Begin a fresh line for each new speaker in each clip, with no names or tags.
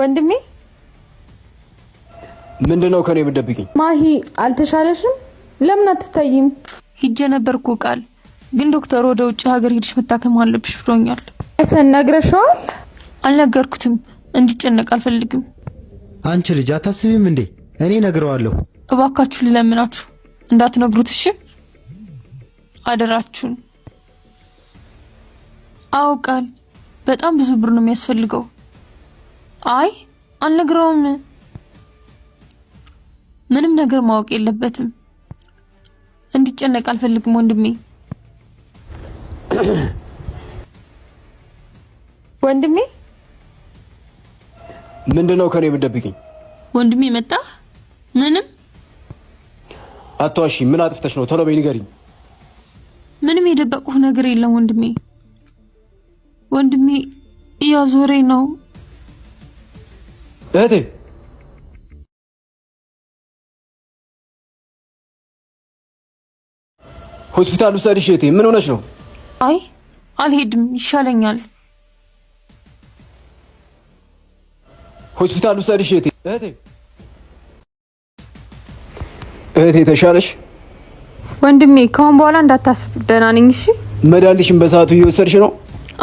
ወንድሜ
ምንድን ነው ከኔ የምደብቅኝ?
ማሂ አልተሻለሽም? ለምን አትታይም?
ሂጄ ነበርኩ ቃል፣ ግን ዶክተር ወደ ውጭ ሀገር ሄድሽ መታከም አለብሽ ብሎኛል።
እሰን ነግረሸዋል?
አልነገርኩትም። እንዲጨነቅ አልፈልግም።
አንቺ ልጅ አታስቢም እንዴ? እኔ ነግረዋለሁ።
እባካችሁ ልለምናችሁ እንዳትነግሩት እሺ? አደራችሁን። አውቃል በጣም ብዙ ብር ነው የሚያስፈልገው። አይ አልነግረውም። ምንም ነገር ማወቅ የለበትም። እንዲጨነቅ አልፈልግም ወንድሜ።
ወንድሜ
ምንድነው ከኔ ብትደብቂኝ?
ወንድሜ መጣ። ምንም
አቷሺ፣ ምን አጥፍተሽ ነው? ቶሎ በይ ንገሪኝ።
ምንም የደበቁህ ነገር የለም ወንድሜ። ወንድሜ እያዞሬ ነው።
እህቴ ሆስፒታል ውሰድሽ። እህቴ ምን ሆነች ነው?
አይ አልሄድም፣ ይሻለኛል።
ሆስፒታል ውሰድሽ። እህቴ እህቴ እህቴ ተሻለሽ?
ወንድሜ ከአሁን በኋላ እንዳታስብ፣ ደህና ነኝ። እሺ
መድኃኒትሽን በሰዓቱ እየወሰድሽ ነው?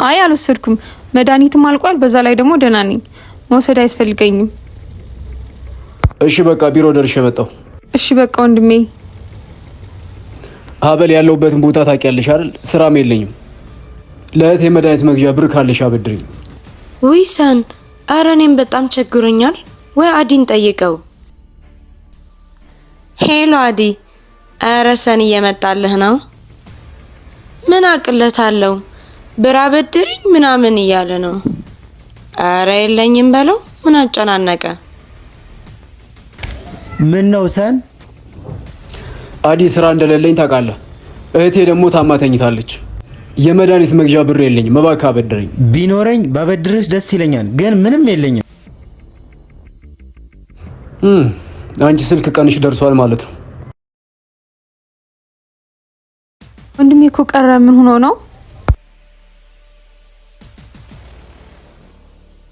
አይ አልወሰድኩም፣ መድኃኒትም አልቋል። በዛ ላይ ደግሞ ደህና ነኝ፣ መውሰድ አያስፈልገኝም።
እሺ በቃ ቢሮ ደርሼ መጣሁ።
እሺ በቃ ወንድሜ።
ሀበል ያለሁበትን ቦታ ታውቂያለሽ አይደል? ስራም የለኝም። ለእህቴ የመድኃኒት መግዣ ብር ካለሽ አበድሪኝ።
ዊሰን፣ አረ እኔም በጣም ቸግሮኛል። ወይ አዲን ጠይቀው። ሄሎ አዲ፣ አረ ሰን እየመጣልህ ነው። ምን አቅለት አለው ብር አበድሪኝ ምናምን እያለ ነው። አረ የለኝም በለው። ምን አጨናነቀ?
ምን ነው ሰን አዲ ስራ እንደሌለኝ ታውቃለህ። እህቴ ደግሞ ታማ ተኝታለች። የመድኃኒት መግዣ ብር የለኝም፣ እባክህ አበድረኝ።
ቢኖረኝ ባበድርህ ደስ ይለኛል፣ ግን ምንም የለኝም።
አንቺ ስልክ ቀንሽ ደርሷል ማለት ነው።
ወንድሜ እኮ ቀረ። ምን ሆኖ ነው?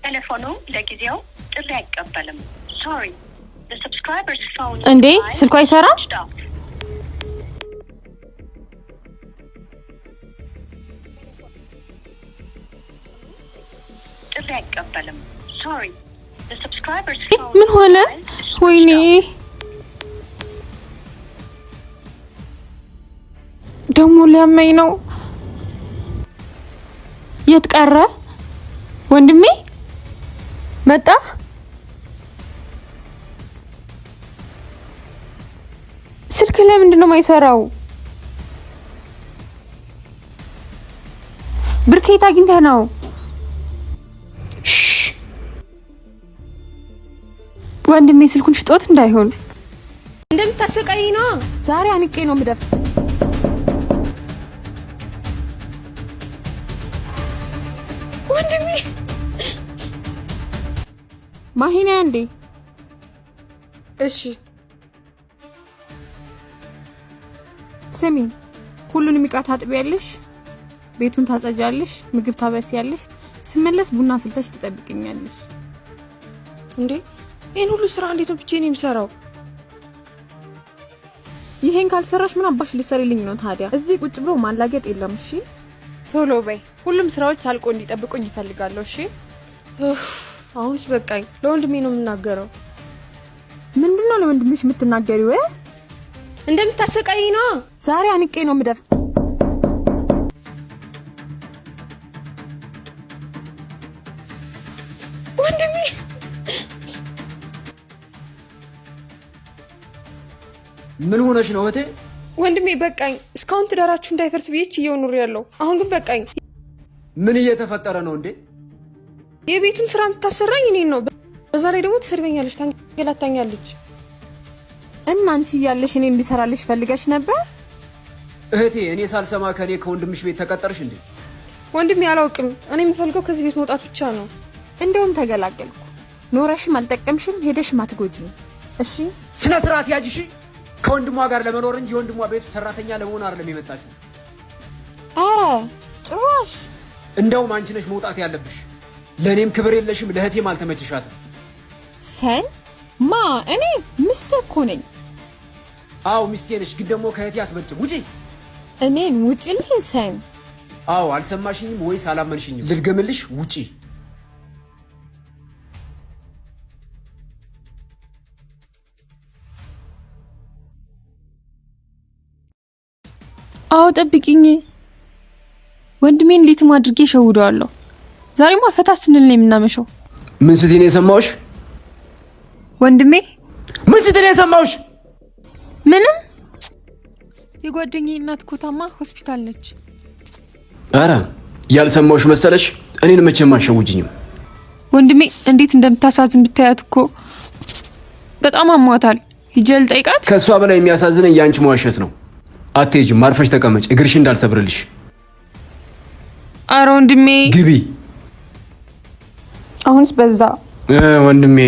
ቴሌፎኑ ለጊዜው ጥሪ አይቀበልም። ሶሪ እንዴ ስልኳ አይሰራም? ጥሪ አይቀበልም። ሶሪ ምን ሆነ? ወይኔ ደግሞ ሊያመኝ ነው። የት ቀረ ወንድሜ? መጣ ስልክ ለምንድን ነው የማይሰራው? ብርኬት አግኝተህ ነው? ወንድሜ ስልኩን ሽጦት እንዳይሆን
እንደምታሰቃይ ነው።
ዛሬ አንቄ ነው ምደፍ ወንድሜ ማሂና አንዴ እሺ ስሚ፣ ሁሉንም ዕቃ ታጥቢያለሽ፣ ቤቱን ታጸጃለሽ፣ ምግብ ታበስያለሽ፣ ስመለስ ቡና ፍልተሽ ትጠብቅኛለሽ።
እንዴ ይህን ሁሉ ስራ እንዴት ብቻዬን የምሰራው?
ይሄን ካልሰራሽ ምን አባሽ ልሰሪልኝ ነው ታዲያ? እዚህ ቁጭ ብሎ ማላገጥ የለም። እሺ
ቶሎ በይ። ሁሉም ስራዎች አልቆ እንዲጠብቁኝ ይፈልጋለሁ። እሺ አሁንስ በቃኝ። ለወንድሜ ነው የምናገረው።
ምንድን ነው ለወንድምሽ የምትናገሪው?
እንደምታሰቃይ ነው።
ዛሬ አንቄ ነው ምደፍ ወንድሜ
ምን ሆነሽ ነው እህቴ?
ወንድሜ በቃኝ። እስካሁን ትዳራችሁ እንዳይፈርስ ብዬ ችዬው ያለው አሁን ግን በቃኝ።
ምን እየተፈጠረ ነው እንዴ?
የቤቱን ስራ የምታሰራኝ እኔን ነው። በዛ ላይ ደግሞ ትሰድበኛለች፣ ታንገላታኛለች።
እና አንቺ እያለሽ እኔ እንዲሰራልሽ ፈልገሽ ነበር?
እህቴ እኔ ሳልሰማ ከእኔ ከወንድምሽ ቤት ተቀጠርሽ እንዴ?
ወንድሜ አላውቅም። እኔ የምፈልገው ከዚህ ቤት መውጣት ብቻ ነው።
እንደውም ተገላገልኩ። ኖረሽም አልጠቀምሽም፣ ሄደሽም አትጎጂም። እሺ
ስነ ስርዓት ያጅሽ። ከወንድሟ ጋር ለመኖር እንጂ የወንድሟ ቤቱ ሰራተኛ ለመሆን አይደለም የመጣችው።
አረ ጭራሽ
እንደውም አንቺ ነሽ መውጣት ያለብሽ። ለእኔም ክብር የለሽም፣ ለእህቴም አልተመችሻትም።
ሰን ማ እኔ ምስት እኮ ነኝ።
አዎ ሚስቴ ነሽ፣ ግን ደግሞ ከእህቴ አትበልጭም። ውጪ!
እኔን ውጪልኝ ሰን።
አዎ አልሰማሽኝም ወይስ አላመንሽኝም? ልድገምልሽ፣ ውጪ!
አዎ ጠብቂኝ፣ ወንድሜን ሊትም አድርጌ ሸውደዋለሁ። ዛሬማ ፈታ ስንል ነው የምናመሸው።
ምን ስትይ ነው የሰማሁሽ? ወንድሜ ምን ስትይ ነው የሰማሁሽ?
ምንም።
የጓደኛዬ እናት ኮታማ ሆስፒታል ነች።
አረ ያልሰማሁሽ መሰለሽ? እኔን መቼም አሸውጅኝም።
ወንድሜ እንዴት እንደምታሳዝን ብታያት እኮ በጣም አሟታል። ይጀል ጠይቃት።
ከእሷ በላይ የሚያሳዝነኝ የአንቺ መዋሸት ነው። አትሄጂም፣ አርፈሽ ተቀመጭ፣ እግርሽ እንዳልሰብርልሽ። አረ ወንድሜ ግቢ አሁንስ በዛ ወንድሜ